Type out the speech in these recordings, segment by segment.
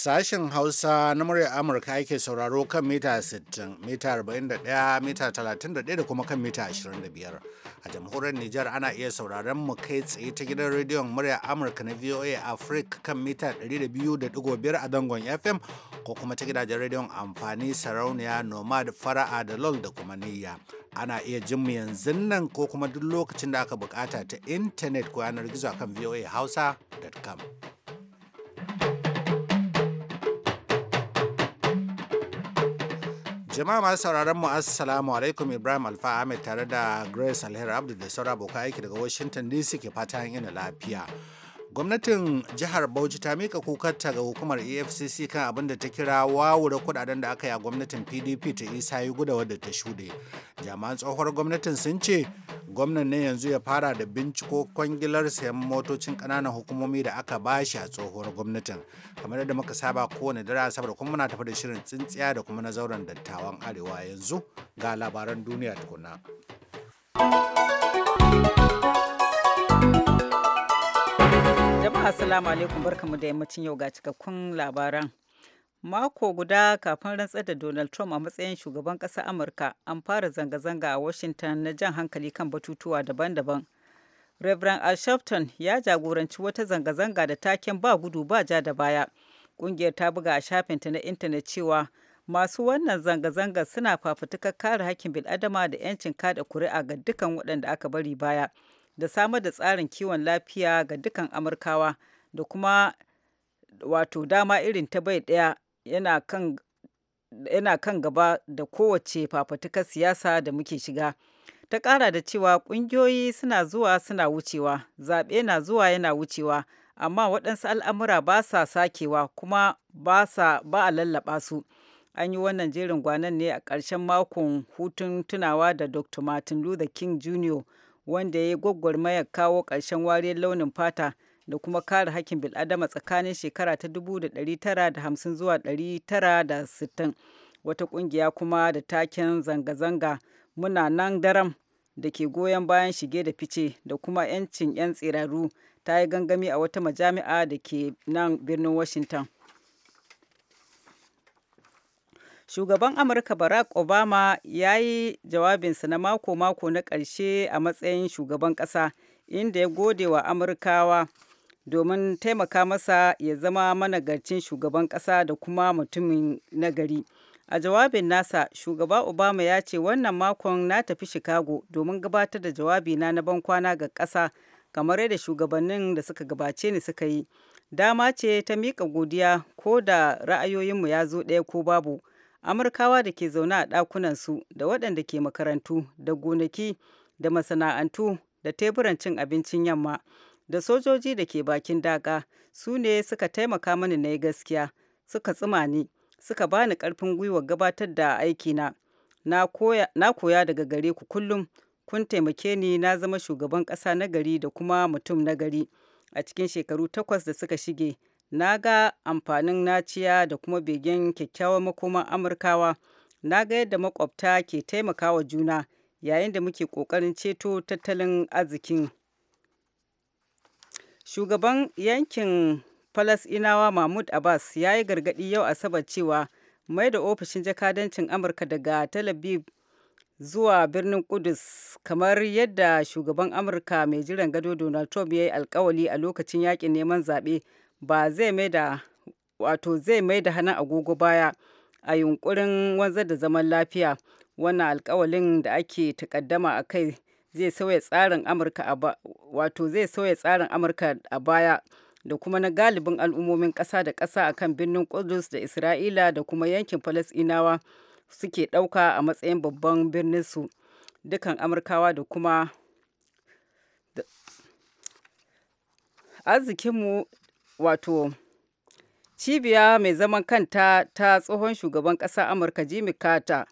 Sashen Hausa na muryar Amurka ake sauraro kan mita 60, mita 41, mita 31 da kuma kan mita 25. A jamhuriyar Nijar ana iya sauraron mu kai tsaye ta gidan rediyon muryar Amurka na VOA Africa kan mita 200.5 a dangon FM ko kuma ta gidajen rediyon amfani sarauniya Nomad Fara'a da LOL da kuma Niyya. Ana iya jin mu yanzu nan ko kuma duk lokacin da aka bukata ta intanet ko yanar gizo akan voahausa.com. Jama'a masu sauraron mu assalamu alaikum Ibrahim Alfa Ahmed tare da Grace Alheri Abdu da saura abokan aiki daga Washington DC ke fata yana lafiya. gwamnatin jihar bauchi ta mika ta ga hukumar efcc kan abin da ta kira wawure kudaden da aka yi a gwamnatin pdp ta isa yi guda wadda ta shuɗe jami'an tsohuwar gwamnatin sun ce gwamnan ne yanzu ya fara da binciko kwangilar sayan motocin ƙananan hukumomi da aka bashi a tsohuwar gwamnatin kamar yadda muka saba kowane dare saboda kuma muna tafi da shirin tsintsiya da kuma na zauren dattawan arewa yanzu ga labaran duniya tukuna. Assalamu alaikum barkamu da yammacin yau ga cikakkun labaran. Mako guda kafin rantsar da Donald Trump a matsayin shugaban ƙasar Amurka an fara zanga-zanga a Washington na jan hankali kan batutuwa daban-daban. Reverend Al ya jagoranci wata zanga-zanga da taken ba gudu ba ja da baya. Ƙungiyar ta buga a shafinta na intanet cewa masu wannan zanga-zanga suna fafutukar kare hakkin bil'adama da 'yancin kada kuri'a ga dukkan waɗanda aka bari baya. da samar da tsarin kiwon lafiya ga dukan amurkawa da kuma wato dama irin ta bai ɗaya yana kan gaba da kowace fafatukar siyasa da muke shiga ta ƙara da cewa ƙungiyoyi suna zuwa suna wucewa zaɓe na zuwa yana wucewa amma waɗansu al'amura ba sa sakewa kuma ba a lallaɓa su an yi wannan jerin gwanan ne a ƙarshen makon hutun tunawa da dr martin luther king jr wanda ya yi gwagwarmayar kawo ƙarshen wariyar launin fata da kuma kare hakkin bil'adama tsakanin shekara ta 1950 zuwa 1960 wata ƙungiya kuma da taken zanga-zanga muna nan daram da ke goyon bayan shige da fice da kuma 'yancin 'yan tsiraru ta yi gangami a wata majami'a da ke nan birnin washington shugaban amurka barack obama ya yi jawabinsa na mako-mako na ƙarshe a matsayin shugaban ƙasa inda ya gode wa amurkawa domin taimaka masa ya zama managarcin shugaban ƙasa da kuma mutumin nagari a jawabin nasa shugaba obama ya ce wannan makon na tafi chicago domin gabatar da jawabina na bankwana ga ƙasa kamar yadda shugabannin da suka gabace ni suka yi dama ce ta miƙa godiya ko da ra'ayoyinmu ya zo ɗaya ko babu amurkawa da ke zaune a ɗakunansu da waɗanda ke makarantu da gonaki da masana'antu da teburan cin abincin yamma da sojoji da ke bakin daga su ne suka taimaka mani na yi gaskiya suka tsima ni suka bani ƙarfin gwiwa gabatar da aikina na koya daga gare ku kullum kun taimake ni na zama shugaban ƙasa nagari da kuma mutum nagari a cikin shekaru takwas da suka shige Na ga amfanin naciya da kuma begen kyakkyawar makoman Amurkawa. Na ga yadda makwabta ke taimakawa juna yayin da muke ƙoƙarin ceto tattalin arzikin. Shugaban yankin inawa Mahmud Abbas ya yi gargadi yau Asabar cewa mai da ofishin jakadancin Amurka daga Tel zuwa birnin Kudus kamar yadda shugaban Amurka mai jiran gado Donald Trump ya yi alkawali a lokacin yakin neman zaɓe ba zai mai da wato zai mai da hannun agogo baya a yunkurin wanzar da zaman lafiya wannan alkawalin da ake takaddama a kai zai sauya tsarin amurka a wato zai sauya tsarin amurka a baya da kuma na galibin al'ummomin ƙasa da ƙasa a kan birnin Kudus da Isra'ila da kuma yankin falasinawa suke ɗauka a matsayin babban birninsu dukan Amurkawa da kuma arzikinmu wato cibiya mai zaman kanta ta tsohon shugaban ƙasar amurka jimmy carter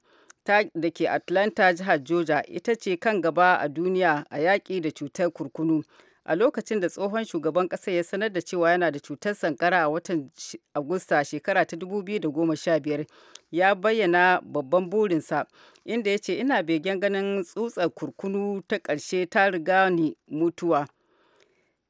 ta da ke atlanta jihar georgia ita ce kan gaba a duniya a yaƙi da cutar kurkunu a lokacin da tsohon shugaban ƙasar ya sanar da cewa yana da cutar sankara a watan agusta shekara ta 2015 ya bayyana babban burinsa inda ya ce ina begen ganin tsutsar kurkunu ta ƙarshe ta riga ni mutuwa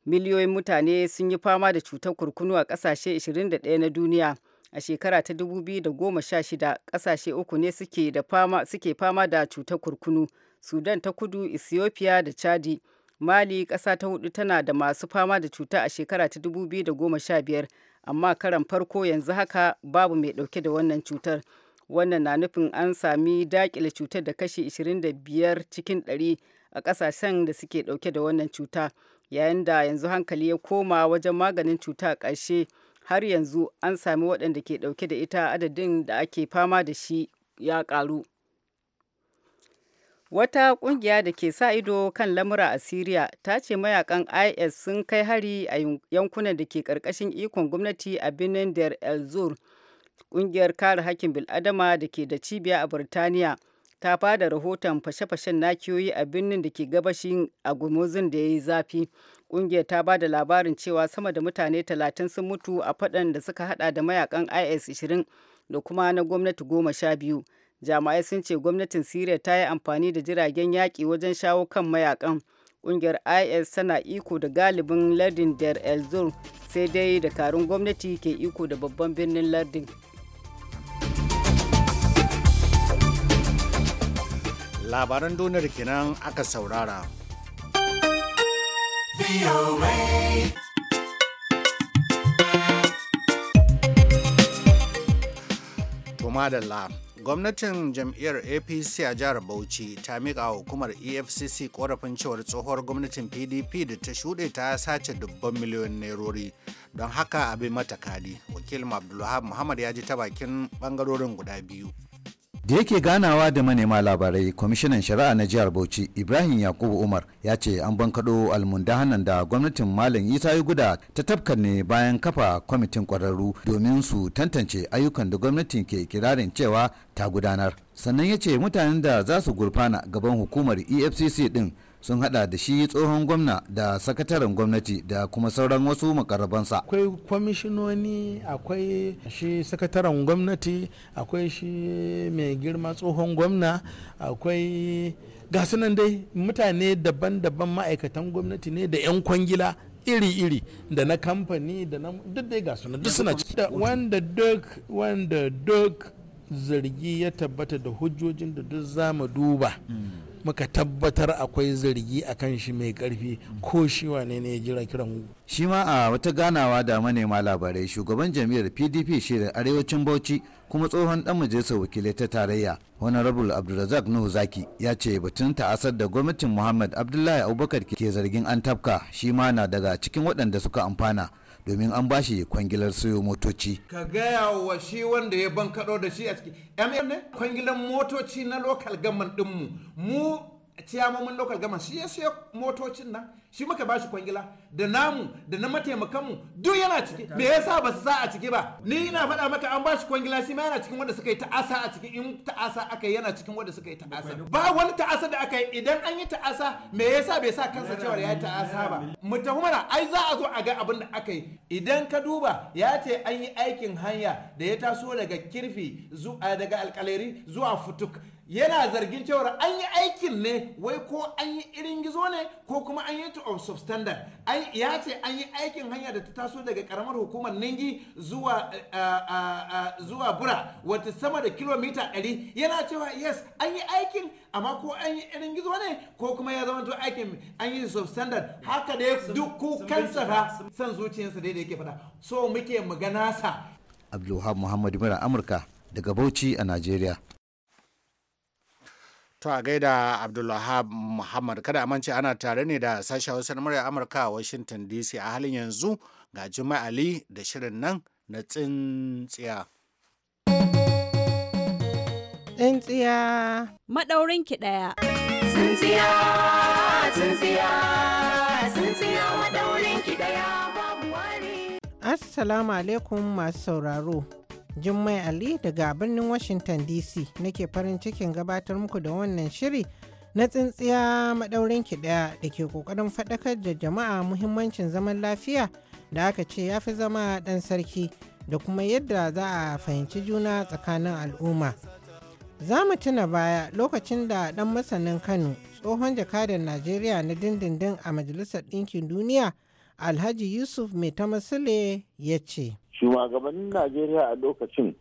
miliyoyin mutane sun yi fama da cutar kurkunu a kasashe 21 na duniya a shekara ta 2016 ƙasashe uku ne suke fama da cutar kurkunu sudan ta kudu ethiopia da chadi mali ƙasa ta hudu tana da masu fama da cuta a shekara ta 2015 amma karan farko yanzu haka babu mai dauke da wannan cutar wannan na nufin an sami dakile cutar da kashi 25 cikin 100 a ƙasashen da suke dauke da wannan cuta yayin da yanzu hankali ya koma wajen maganin cuta ƙarshe har yanzu an sami waɗanda ke ɗauke da ita adadin da ake fama da shi ya ƙaru. Wata ƙungiya da ke sa ido kan lamura a Siriya ta ce mayakan IS sun kai hari a yankunan da ke ƙarƙashin ikon gwamnati a birnin Der El ƙungiyar kare hakkin bil'adama da ke da cibiya a Burtaniya. ta fada rahoton fashe-fashen nakiyoyi a birnin da ke gabashin gumuzin da ya yi zafi ƙungiyar ta ba da labarin cewa sama da mutane talatin sun mutu a faɗan da suka hada da mayakan is 20 da kuma na gwamnati goma sha biyu jama'ai sun ce gwamnatin syria ta yi amfani da jiragen yaƙi wajen shawo kan mayakan ƙungiyar is tana iko da galibin lardin der el sai dai da karin gwamnati ke iko da babban birnin lardin labaran duniyar kenan aka saurara. Tumadalla gwamnatin jam'iyyar apc a jihar bauchi ta miƙa hukumar efcc korafin cewar tsohuwar gwamnatin pdp da ta shuɗe ta sace dubban miliyoyin nairori don haka abin mata kali wakilin abdulwahab muhammad ya ji ta bakin ɓangarorin guda biyu da yake ganawa da manema labarai kwamishinan shari'a na jihar bauchi ibrahim yakubu umar ya ce an bankaɗo almundahanan da gwamnatin malam isa guda ta tafka ne bayan kafa kwamitin ƙwararru domin su tantance ayyukan da gwamnatin ke kirarin cewa ta gudanar sannan ya ce mutanen da za su gurfana gaban hukumar efcc din sun hada da shi tsohon gwamna da sakataren gwamnati da kuma sauran wasu makarabansa akwai kwamishinoni akwai shi sakataren gwamnati akwai shi mai girma tsohon gwamna akwai ga nan dai mutane daban-daban ma'aikatan gwamnati ne da 'yan kwangila iri-iri da na kamfani da na duk dai ga sunan duk suna ciki wanda duk wanda duk zargi ya tabbata da hujjojin da duk za mu duba mm. muka tabbatar akwai zargi a kan shi mai karfi ko shi wane ne ya jira kiran shi ma a wata ganawa da manema labarai shugaban jam'iyyar pdp shirin arewacin bauchi kuma tsohon dan majalisar wakilai ta tarayya honorable abdulrazak nuhu zaki ya ce batun ta'asar da gwamnatin muhammad abdullahi abubakar ke zargin an tafka shi ma na daga cikin waɗanda suka amfana domin an bashi kwangilar sayo motoci ka gaya wa shi wanda ya bankaɗo da shi a ciki ne kwangilar motoci na lokal gaman dinmu. mu ciyamomin local gama shi ya siya motocin nan shi muka ba shi kwangila da namu da na mataimakanmu duk yana ciki me yasa ba su sa a ciki ba ni ina faɗa maka an ba shi kwangila shi ma yana cikin wanda suka yi ta'asa a cikin in ta'asa aka yana cikin wanda suka yi ta'asa ba wani ta'asa da aka yi idan an yi ta'asa me yasa bai sa kansa cewa ya yi ta'asa ba mu ai za a zo a ga abin da aka yi idan ka duba ya ce an yi aikin hanya da ya taso daga kirfi daga alƙalairi zuwa futuk yana zargin cewar an yi aikin ne wai ko an yi irin gizo ne ko kuma an yi to of substandard ya ce an yi aikin hanya da ta taso daga karamar hukumar ningi zuwa eh, eh, eh, bura wata sama da kilomita 100 yana cewa yes an yi aikin amma ko an yi irin gizo ne ko kuma ya zama to aikin an yi substandard haka da duk kansa fa san zuciyarsa daidai yake faɗa so muke maganasa sa. nasa abdulwahab muhammad mura amurka daga bauchi a nigeria. To a gaida Abdullahab Muhammad kada mance ana tare ne da sashen Hausa na murya Amurka a Washington DC a halin yanzu ga Juma'a Ali da shirin nan na tsintsiya. Tsintsiya. Maɗaurin ki ɗaya. Tsintsiya, tsintsiya, tsintsiya maɗaurin ki ɗaya babu wari. Assalamu alaikum masu sauraro. Jummai Ali daga birnin Washington DC nake farin cikin gabatar muku da wannan shiri na tsintsiya madaurin ki ɗaya da ke ƙoƙarin faɗakar da jama'a muhimmancin zaman lafiya da aka ce ya fi zama ɗan sarki da kuma yadda za a fahimci juna tsakanin al'umma. Za mu tuna baya lokacin da ɗan masanin Kano tsohon jakadan Najeriya na dindindin a Majalisar Ɗinkin Duniya Alhaji Yusuf Mai Tamasile ya ce. shugabannin najeriya a lokacin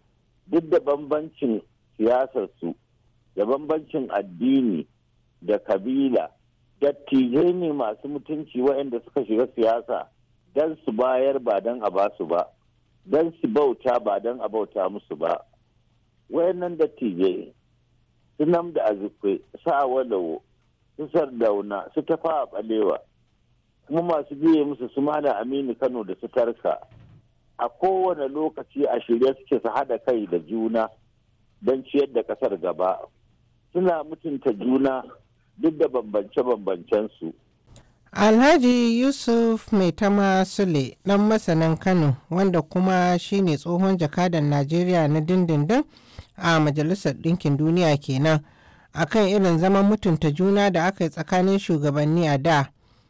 duk da bambancin siyasarsu da bambancin addini da kabila dattijai ne masu mutunci waɗanda suka shiga siyasa don su bayar ba don a basu ba don su bauta ba don a bauta musu ba wayannan dattijai nam da azikwe su awalawo su sardauna su tafa a balewa kuma masu biye musu su mala aminu kano da su tarka a kowane lokaci a shirye suke su hada kai da juna don ciyar da kasar gaba suna mutunta juna duk da bambance-bambancensu. Alhaji Yusuf Maitama Sule dan masanin Kano wanda kuma shine tsohon jakadan Najeriya na dindindin a Majalisar Ɗinkin Duniya kenan akan irin zaman mutunta juna da aka yi tsakanin shugabanni a da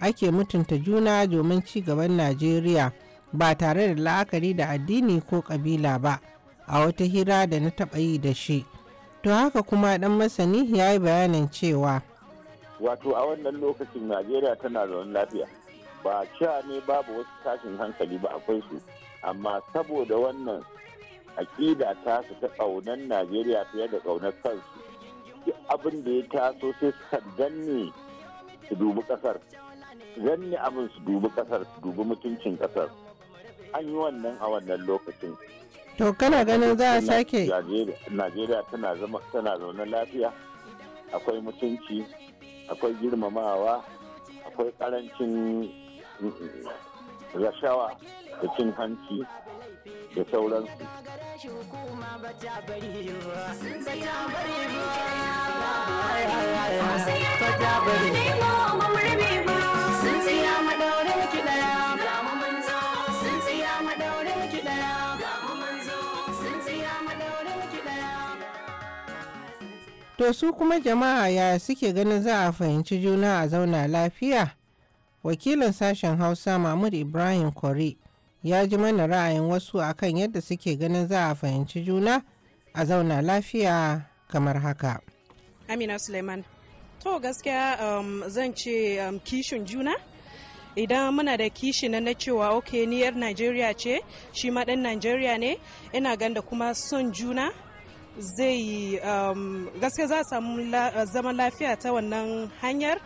ake mutunta juna domin ci gaban najeriya ba tare da la'akari da addini ko ƙabila ba a wata hira da na taɓa yi da shi to haka kuma dan masani ya yi bayanin cewa wato a wannan lokacin najeriya tana zaune lafiya ba cewa ne babu wasu tashin hankali ba akwai su amma saboda wannan aƙida ta su ta ƙaunar najeriya fiye da ƙaunar kansu abin da ya taso sai su danne su dubi ƙasar ranni abin su dubi kasar su dubi mutuncin kasar an yi wannan a wannan lokacin to kana ganin za a sake najeriya tana zama tana zaune lafiya akwai mutunci akwai girmamawa akwai karancin mm, mm, rashawa da cin hanci da sauransu ta bari To su kuma jama'a ya suke ganin za a fahimci juna a zauna lafiya? Wakilin sashen Hausa Mahmud Ibrahim Kore ya ji mana ra'ayin wasu akan yadda suke ganin za a fahimci juna a zauna lafiya kamar haka. Amina Suleiman. To gaskiya um, zan ce um, kishin juna? idan muna da kishi na cewa ok ni najeriya ce shi ma dan najeriya ne ina ganda kuma son juna zai um, gaske za samu zaman lafiya ta wannan hanyar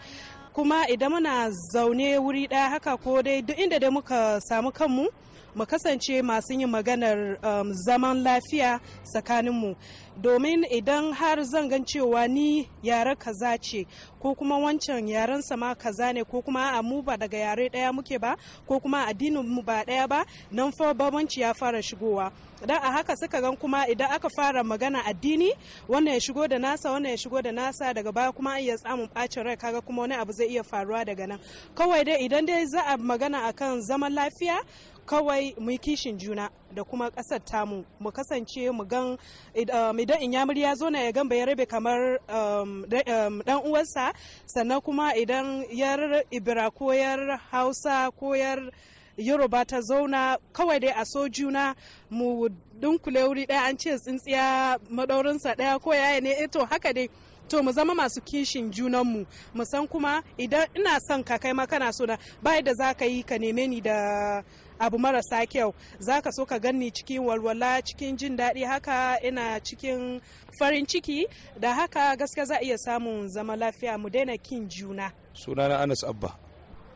kuma idan muna zaune wuri ɗaya haka ko dai duk inda dai muka samu kanmu mu kasance masu yin maganar um, zaman lafiya tsakaninmu domin idan har zan gan cewa ni yare kaza ce ko kuma wancan yaren sama kaza ne ko kuma a mu ba daga yare daya muke ba ko kuma addinin mu ba daya ba nan fa babanci ya fara shigowa dan a haka suka gan kuma idan aka fara magana addini wannan ya shigo da nasa wannan ya shigo da nasa daga baya kuma iya samun bacin rai kaga kuma wani abu zai iya faruwa daga nan kawai dai idan dai za a magana akan zaman lafiya kawai mu kishin juna da kuma kasar tamu mu kasance mu gan idan eh, inyamur ya zo na ya gan bai rabe kamar um, um, dan uwarsa sannan kuma idan yar ibira ko yar hausa ko yar yoruba ta zauna kawai dai a so juna mu dunkule wuri daya an ce tsintsiya madaurinsa daya ko yaya ne eh, to haka dai to mu zama masu kishin junanmu mu san kuma idan ina son ka kai ma kana so na bai da za ka yi ka neme ni da abu marasa kyau za ka so ka ganni cikin walwala cikin jin daɗi haka ina cikin farin ciki da haka gaske za a iya samun zama lafiya mu daina kin juna sunana anas abba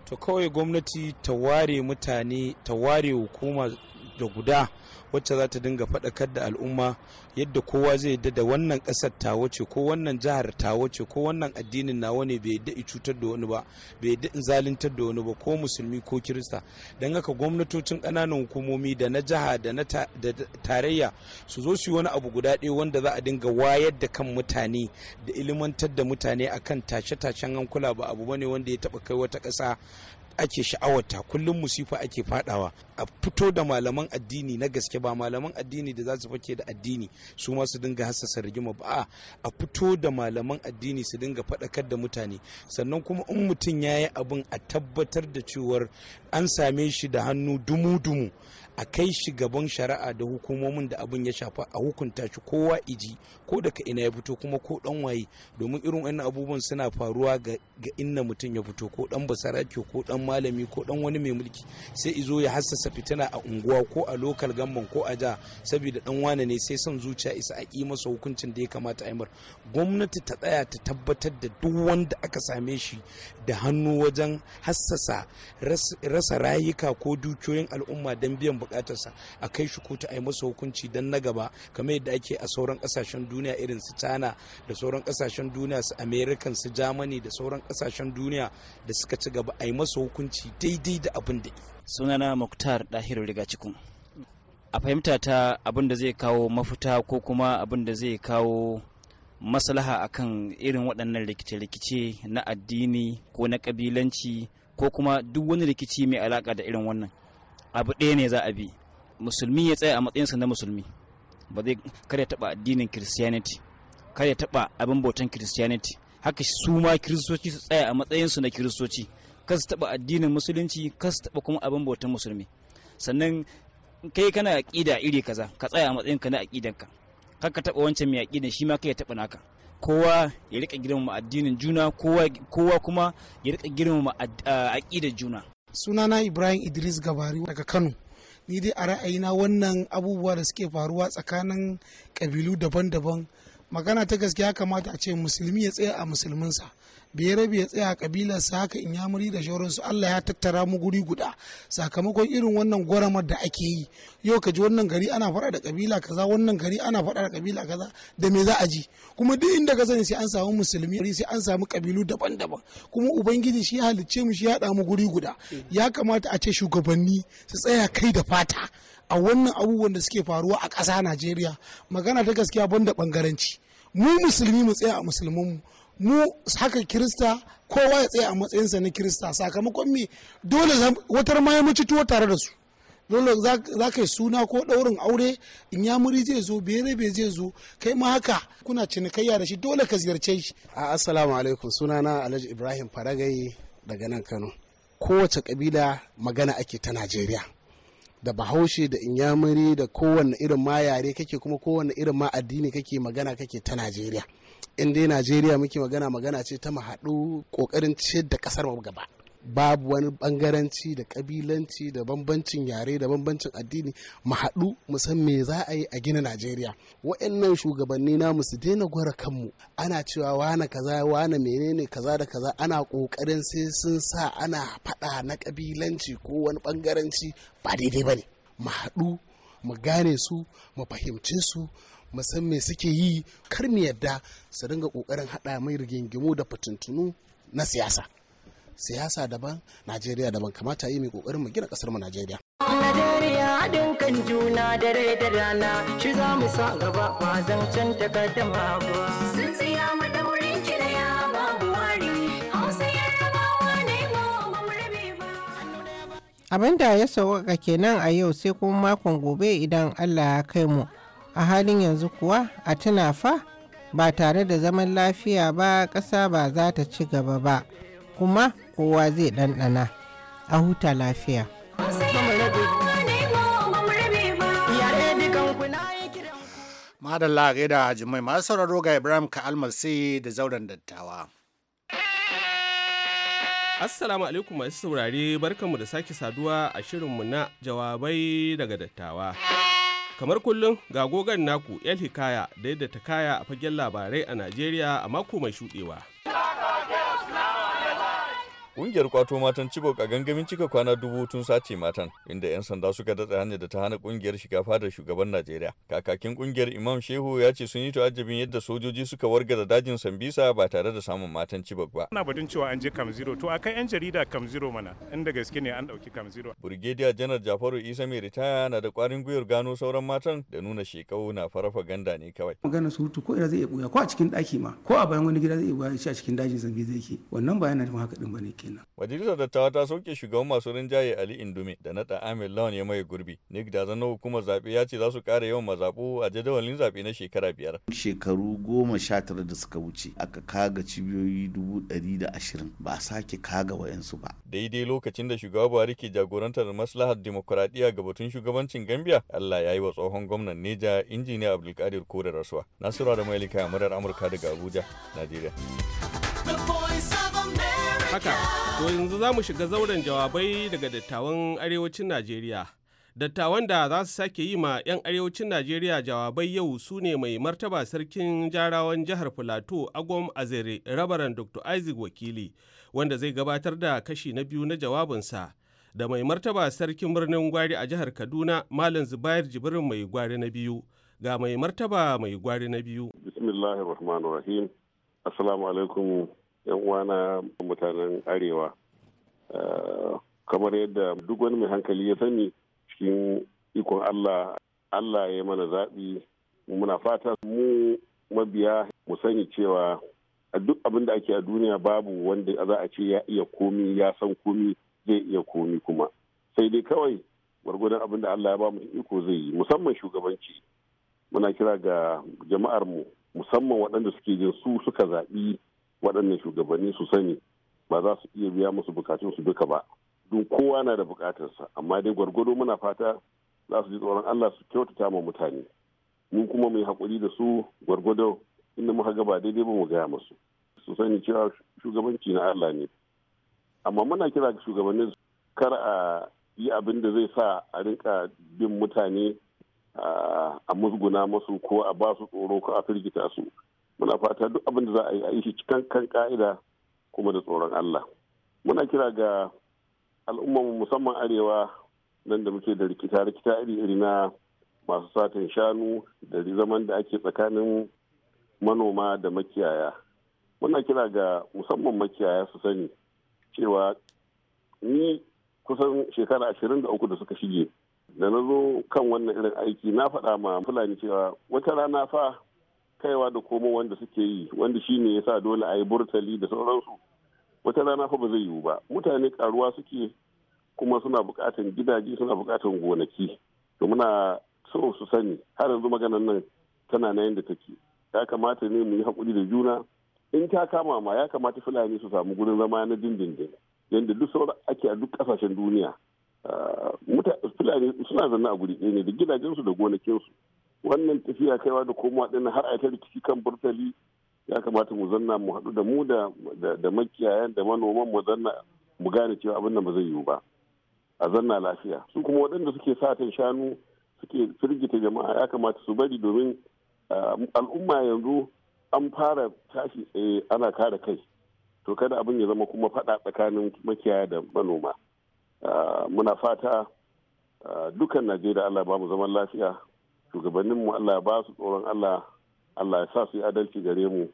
to kawai gwamnati ta ware mutane ta ware hukuma da guda wacce za ta dinga faɗakar da al'umma yadda kowa zai yadda da wannan ƙasar ta wace ko wannan jihar ta wace ko wannan addinin nawa ne bai yadda cutar da wani ba bai yadda in zaluntar da wani ba ko musulmi ko kirista don haka gwamnatocin ƙananan hukumomi da na jiha da na tarayya su zo su yi wani abu guda ɗaya wanda za a dinga wayar da kan mutane da ilimantar da mutane akan tashe-tashen hankula ba abu bane wanda ya taɓa kai wata ƙasa ake sha'awarta kullum musifa ake fadawa a fito da malaman addini na gaske ba malaman addini da za su fake da addini su ma su dinga hassasa rigima ba a fito da malaman addini su dinga faɗakar da mutane sannan kuma in mutum ya yi abin a tabbatar da cewar an same shi da hannu dumu-dumu a kai shi gaban shari'a da hukumomin da abin ya shafa a hukunta shi kowa iji ko daga ina ya fito kuma ko dan waye domin irin wannan abubuwan suna faruwa ga inna mutum ya fito ko dan basarake ko dan malami ko dan wani mai mulki sai izo ya hassasa fitina a unguwa ko a lokal gamban ko a ja saboda dan wane ne sai son zuciya isa a ki masa hukuncin da ya kamata a gwamnati ta tsaya ta tabbatar da duk wanda aka same shi da hannu wajen hassasa rasa rayuka ko dukiyoyin al'umma don biyan bukatarsa a kai shi kotu a yi masa hukunci don na gaba kamar yadda ake a sauran kasashen duniya irin su china da sauran kasashen duniya su american su germany da sauran kasashen duniya da suka ci gaba a yi masa hukunci daidai da abin da sunana muktar dahiru riga cikin a fahimta ta abin da zai kawo mafita ko kuma abin da zai kawo maslaha akan irin waɗannan rikice-rikice na addini ko na ƙabilanci ko kuma duk wani rikici mai alaƙa da irin wannan abu ɗaya ne za a bi musulmi ya tsaya a matsayinsa na musulmi ba zai kar ya taɓa addinin christianity kar ya taɓa abin bautan christianity haka su ma kiristoci su tsaya a matsayinsu na kiristoci kar su taɓa addinin musulunci kar su taɓa kuma abin bautan musulmi sannan kai kana aƙida iri kaza ka tsaya a matsayin ka na aƙidanka kar ka taɓa wancan mai aƙidan shi ma kai ya taɓa naka kowa ya rika girmama addinin juna kowa kuma ya rika girmama aƙidar juna sunana ibrahim idris gabari daga kano ni dai a ra'ayina wannan abubuwa da suke faruwa tsakanin kabilu daban-daban magana ta gaske ya kamata a ce musulmi ya tsaya a musulminsa berabe ya tsaya a kabilarsa haka in yamuri da shauransu Allah ya tattara mu guri guda sakamakon irin wannan gwaramar da ake yi yau ka ji wannan gari ana faɗa da kabila kaza wannan gari ana faɗa da kabila kaza da me za a ji kuma duk inda ka sani sai an samu musulmi sai an samu kabilu daban-daban kuma ubangiji shi ya halicce mu shi ya mu guri guda ya kamata a ce shugabanni su tsaya kai da fata a wannan abubuwan da suke faruwa a ƙasa najeriya magana ta gaskiya banda bangaranci mu musulmi mu tsaya a musulmin mu mu haka kirista kowa ya tsaya a matsayin sa na kirista sakamakon me dole watar ma ya mace tuwo tare da su dole za ka suna ko ɗaurin aure in ya muri zai zo berebe zai zo kai ma haka kuna cinikayya da shi dole ka ziyarce shi a assalamu alaikum sunana alhaji ibrahim faragai daga nan kano kowace kabila magana ake ta najeriya da bahaushe da inyamuri da kowanne irin ma yare kake kuma kowane irin ma addini kake magana kake ta najeriya in dai najeriya muke magana magana ce ta mahaɗu ƙoƙarin ciyar da ƙasar gaba babu wani bangaranci da kabilanci da bambancin yare da bambancin addini mu haɗu mu san me za a yi a gina najeriya wa'annan shugabanni na mu su daina gwara kanmu ana cewa wane kaza wane menene kaza da kaza ana ƙoƙarin sai sun sa ana faɗa na kabilanci ko wani bangaranci ba daidai ba ne mu haɗu mu gane su mu fahimci su mu san me suke yi kar mu yadda su dinga ƙoƙarin haɗa mai rigingimu da fitintunu na siyasa siyasa daban najeriya daban kamata yi mai kokarin mu gina kasar mu najeriya Najeriya haɗin kan juna da rai da rana shi za mu sa gaba ba zancen ta ba. Sun tsaya mu daurin babu wari Hausa Yarbawa ne mu murbe ba. Abin da ya sauƙaƙa kenan a yau sai kuma makon gobe idan Allah ya kai mu. A halin yanzu kuwa a tuna fa ba tare da zaman lafiya ba ƙasa ba za ta ci gaba ba. kuma kowa zai ɗanɗana a huta lafiya. Madalla gaida Jimai masu sauraro ga Ibrahim ka almasi da zauren dattawa. Assalamu alaikum masu saurare barkanmu da sake saduwa a shirinmu na jawabai daga dattawa. Kamar kullum ga gogon naku El Hikaya da yadda ta kaya a fagen labarai a Najeriya a mako mai shuɗewa. kungiyar kwato matan Chibok a gangamin cika kwana dubu tun sace matan, inda 'yan sanda suka datse hanyar da ta hana ƙungiyar shiga fadar shugaban Najeriya. Kakakin ƙungiyar Imam Shehu ya ce sun yi ta'ajabin yadda sojoji suka warga dajin Sambisa ba tare da samun matan Chibok ba. Ana batun cewa an je Kam Zero, to akai 'yan jarida Kam Zero mana, inda gaske ne an dauki Kam Zero. brigadier Janar Jafaru Isa mai ritaya na da kwarin gwiwar gano sauran matan da nuna shekau na farafa ganda ne kawai. Magana surutu ko ina zai iya buya ko a cikin ɗaki ma ko a bayan wani gida zai iya ɓuya a cikin dajin Sambisa yake wannan ba yana haka din bane kenan. Majalisar dattawa ta soke shugaban masu rinjaye Ali Indume da na nada Ahmed Lawan ya mai gurbi. Nick da na hukumar zaɓe ya ce za su ƙara yawan mazaɓu a jadawalin zaɓe na shekara biyar. Shekaru goma sha tara da suka wuce aka kaga cibiyoyi dubu ɗari da ashirin ba a sake kaga wayansu ba. Daidai lokacin da shugaba Buhari ke jagorantar maslahar dimokuraɗiyya ga batun shugabancin Gambia Allah ya yi wa tsohon gwamnan Neja injiniya Abdulkadir Kore rasuwa. Nasiru da Mailika murar Amurka daga Abuja, Najeriya. The voice of haka to yanzu za mu shiga zauren jawabai daga dattawan arewacin najeriya dattawan da za su sake yi ma 'yan arewacin najeriya jawabai yau su ne mai martaba sarkin jarawan jihar filato agwam azere rabaran dr isaac wakili wanda zai gabatar da kashi na biyu na jawabinsa da mai martaba sarkin birnin gwari a jihar kaduna malam zubair jibrin mai gwari na biyu ga mai martaba mai gwari na biyu bismillahir rahmanir rahim assalamu alaikum yan uwana mutanen arewa ah, kamar yadda duk wani mai hankali ya sani cikin ikon allah allah ya mana zaɓi muna fata mu mabiya mu sani cewa duk abinda ake a duniya babu wanda za a ce ya iya komi ya san komi zai iya komi kuma sai dai kawai gwargwadon abin da allah ya ba mu iko zai yi musamman shugabanci muna kira ga jama'ar mu musamman waɗanda suke jin su suka zaɓi waɗannan shugabanni su sani ba za su iya biya musu bukatun su duka ba don kowa na da bukatarsa amma dai gwargwado muna fata za su ji tsoron Allah su kyautata ma mutane mun kuma mai haƙuri da su gwargwado inda muka ga ba daidai ba mu gaya musu su sani cewa shugabanci na Allah ne amma muna kira ga su kar a yi abin da zai sa a rinka bin mutane a musguna masu ko a ba su tsoro ko a firgita su muna fata duk abin da za a yi a cikin kan ka'ida kuma da tsoron Allah muna kira ga al'ummar musamman arewa nan da muke da rikita rikita iri iri na masu satin shanu da zaman da ake tsakanin manoma da makiyaya muna kira ga musamman makiyaya su sani cewa ni kusan shekara ashirin da uku da suka shige da na zo kan wannan irin aiki na faɗa ma fulani cewa wata rana fa kaiwa da komo wanda suke yi wanda shi ne ya sa dole a yi burtali da sauransu wata rana fa ba zai yiwu ba mutane karuwa suke kuma suna bukatan gidaje suna bukatan gonaki to muna so su sani har yanzu maganan nan tana na yadda take ya kamata ne mu yi hakuri da juna in ta kama ma ya kamata fulani su samu gurin zama na dindindin yadda duk sauran ake a duk kasashen duniya ah, fulani suna zanna a guri ɗaya ne da gidajensu da gonakinsu wannan tafiya kaiwa da komowa ɗin har a ta rikici kan burtali ya kamata mu zanna mu haɗu da mu da makiyayan da manoman mu zanna mu gane cewa abin da ba zai yiwu ba a zanna lafiya su kuma waɗanda suke satan shanu suke firgita jama'a ya kamata su bari domin al'umma yanzu an fara tashi tsaye ana kare kai to kada abin ya zama kuma faɗa tsakanin makiyaya da manoma muna fata dukan najeriya allah ba mu zaman lafiya shugabanninmu Allah ya ba su tsoron Allah Allah ya sa su yi adalci gare mu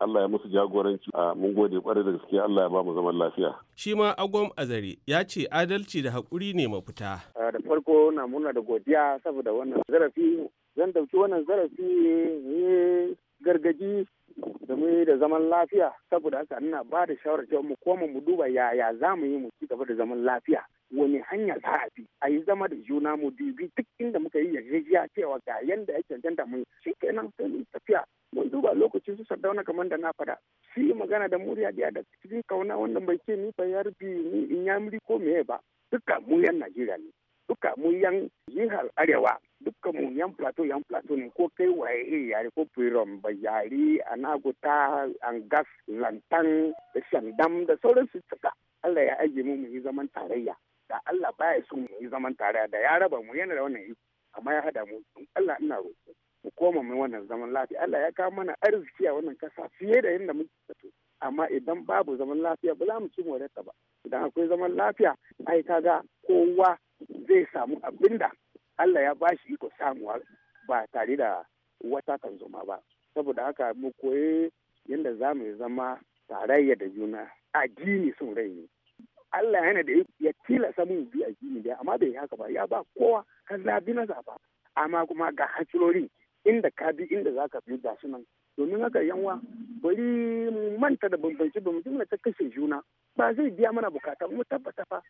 Allah ya musu jagoranci a mun gode kwarai da gaske Allah ya ba mu zaman lafiya. Shi ma Agwam azari ya ce adalci da hakuri ne mafita. Da farko na muna da godiya saboda wannan zarafi zan dauki wannan zarafi ne gargaji da mu da zaman lafiya saboda haka ina ba da shawarar cewa mu koma mu duba yaya za mu yi mu ci gaba da zaman lafiya wani hanya za a bi a yi zama da juna mu dubi duk inda muka yi yarjejiya cewa ga yanda ya da mu shi kenan sai mu tafiya mun duba lokacin su sardauna kamar da na fada su yi magana da murya biya da cikin kauna wanda bai ce ni ba yarbi ni in yamri ko meye ba duka mu yan najeriya ne duka mu yan jihar arewa duka mu yan plateau yan plateau ne ko kai waye iri yare ko firon bayari anaguta angas lantan da shandam da sauransu suka allah ya ajiye mu mu yi zaman tarayya da Allah baya son mu yi zaman tare da ya raba mu yana da wannan iko amma ya hada mu Allah ina roƙo mu koma mu wannan zaman lafiya Allah ya kawo mana arziki a wannan kasa fiye da yadda muke zato amma idan babu zaman lafiya ba za mu ci morata ba idan akwai zaman lafiya ai ga kowa zai samu abinda Allah ya bashi iko samuwa ba tare da wata tanzoma ba saboda haka mu koyi yadda za mu zama tarayya da juna a addini sun rai ne Allah yana da ya tilasa mun bi jini da amma bai haka ba ya ba kowa ka zabi na zaba amma kuma ga hakirorin inda ka bi inda za ka bi ga sunan domin haka yanwa bari mu manta da mutum na ta kashe juna ba zai biya mana bukata mu tabbata fa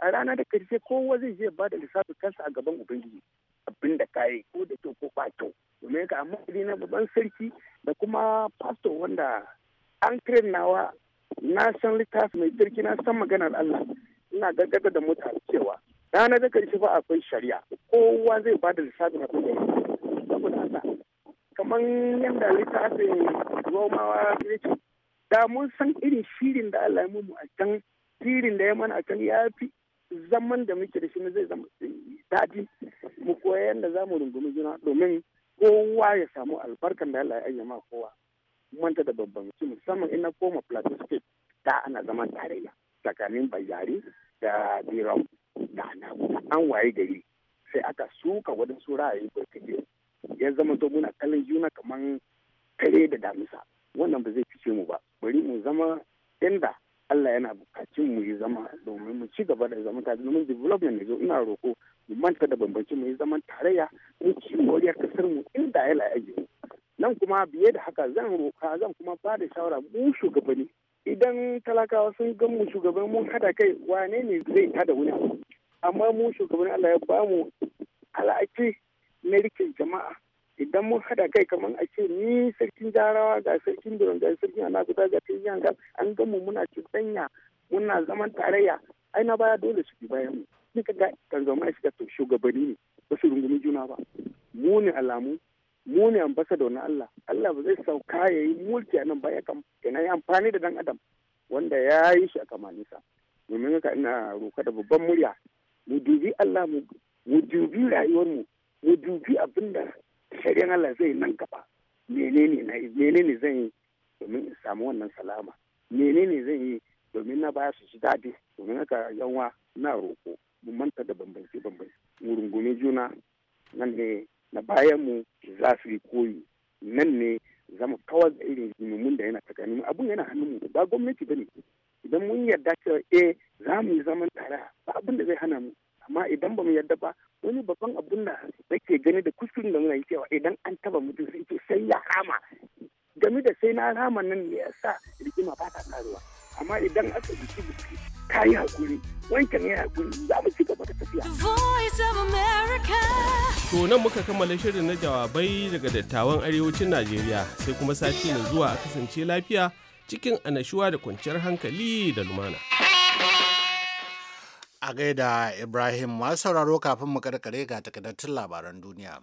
a rana da karshe kowa zai je ba da lissafin kansa a gaban ubangiji abin da kayi ko da kyau ko ba kyau domin haka amma na babban sarki da kuma pastor wanda an nawa na san littafi mai jirgi na san maganar Allah ina gargada da mutane cewa rana da karshe ba akwai shari'a kowa zai ba da lissafin abin da saboda Allah kamar yadda littafin romawa ya ce da mun san irin shirin da Allah ya mu a can shirin da ya mana a can ya fi zaman da muke da shi zai zama daɗi mu koya yadda za mu rungumi juna domin kowa ya samu albarkan da Allah ya ayyama kowa manta da babban musamman ina koma plateau state da ana zama tarayya tsakanin bayari da birau da anaguda an waye gari sai aka suka waɗansu ra'ayi barkaje ya zama to muna kallon juna kamar kare da damisa wannan ba zai fice mu ba bari mu zama inda Allah yana bukacin mu yi zama domin mu ci gaba da zama tare domin development ne zo ina roko mu manta da bambanci mu yi zaman tarayya mu ci moriyar kasar mu inda ya ajiye mu nan kuma biye da haka zan roka zan kuma ba da shawara mu shugabanni idan talakawa sun gan mu shugaban mun hada kai wane ne zai tada wani amma mu shugaban Allah ya bamu al'aki na rike jama'a idan mun hada kai kamar a ce ni sarkin jarawa ga sarkin biron ga sarkin guda ga sarkin yankan an gan mu muna cuɗanya muna zaman tarayya ai na baya dole su bi bayan mu ni kaga zama shi da shugabanni ne ba su rungumi juna ba mu ne alamu mu ne ambasado na Allah Allah ba zai sauka ya yi mulki a nan ba ya kam kenan yi amfani da dan adam wanda ya yi shi a kamanisa domin haka ina roka da babban murya mu dubi Allah mu dubi rayuwar mu mu dubi abinda shari'an Allah zai nan gaba menene na menene zan yi domin in samu wannan salama menene zan yi domin na baya su ji dadi domin haka yanwa na roko mu manta da bambanci bambanci mu rungume juna nan ne na bayan mu za su yi koyi nan ne za kawar da irin rigimin da yana tsakani abun yana mu ba gwamnati ba ne idan mun yarda cewa eh za mu yi zaman tare ba abin da zai hana mu amma idan ba mu yarda ba wani babban abun da nake gani da kuskuren da muna yi cewa idan an taba mutum sai ce sai ya rama game da sai na rama nan ne ya sa rigima ba ta karuwa amma idan aka biki biki ka hakuri wancan ya hakuri za mu ci gaba da tafiya. To nan muka kammala shirin na jawabai daga dattawan arewacin Najeriya sai kuma sati na zuwa a kasance lafiya cikin anashuwa da kwanciyar hankali da lumana. A gaida Ibrahim masu sauraro kafin mu karkare ga takardattun labaran duniya.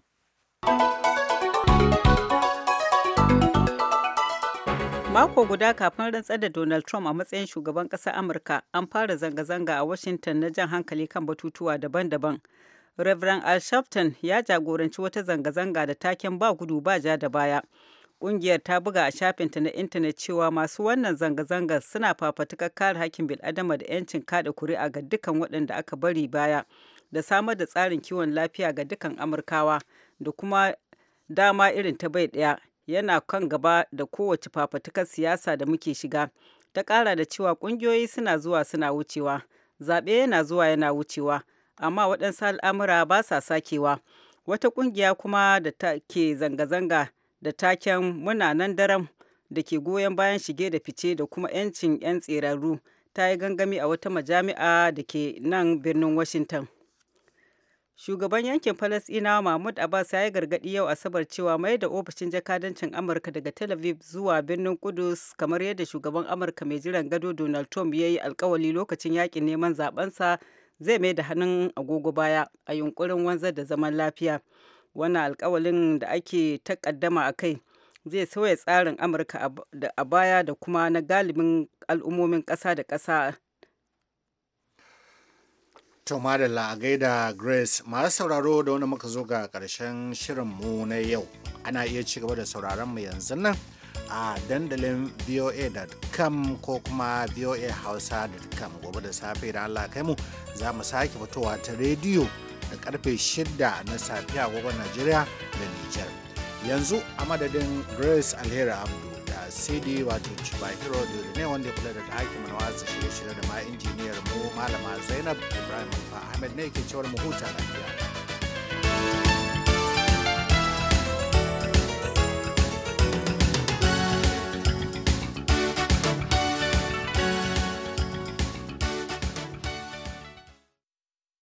Mako guda kafin rantsar da Donald Trump a matsayin shugaban ƙasar Amurka, an fara zanga-zanga a Washington na jan hankali kan batutuwa daban-daban. Reverend Al Sharpton ya jagoranci wata zanga-zanga da taken ba gudu ba ja da baya. Ƙungiyar ta buga a shafinta na intanet cewa masu wannan zanga-zangar suna fafatukar kare hakkin bil'adama da 'yancin kada kuri'a ga dukkan waɗanda aka bari baya da samar da tsarin kiwon lafiya ga dukkan Amurkawa da kuma dama irin ta bai ɗaya yana kan gaba da kowace fafatukar siyasa da muke shiga ta ƙara da cewa ƙungiyoyi suna zuwa suna wucewa zaɓe yana zuwa yana wucewa amma waɗansu al'amura ba sa sakewa wata ƙungiya kuma da ta ke zanga-zanga da taken muna nan daram da ke goyon bayan shige da fice da kuma 'yancin 'yan tsirarru ta yi gangami a wata majami'a da ke nan birnin washington Shugaban yankin Falasɗinawa Mahmud Abbas ya yi gargaɗi yau Asabar cewa mai da ofishin jakadancin Amurka daga Tel Aviv zuwa birnin Kudus kamar yadda shugaban Amurka mai jiran gado Donald Trump ya yi alkawali lokacin yakin neman zabensa zai mai da hannun agogo baya a yunkurin wanzar da zaman lafiya. Wannan alkawalin da ake takaddama a kai zai sauya tsarin Amurka a baya da kuma na galibin al'ummomin ƙasa da ƙasa To da la'agai gaida Grace masu sauraro da wani muka zo ga ƙarshen mu na yau. Ana iya ci gaba da sauraron mu yanzu nan a dandalin voa.com ko kuma voahausa.com gobe da safe da Allah kai mu za mu sake fitowa ta rediyo da karfe 6 na safiya gobe Najeriya da Nijar. Yanzu a madadin Grace Alheri Abdu cd wato chibahiro dole ne wanda ya kula da haƙƙin manawa shirye-shirye da ma injiniyar mu malama zainab ibrahim ahmed ne ke cewar mu huta lafiya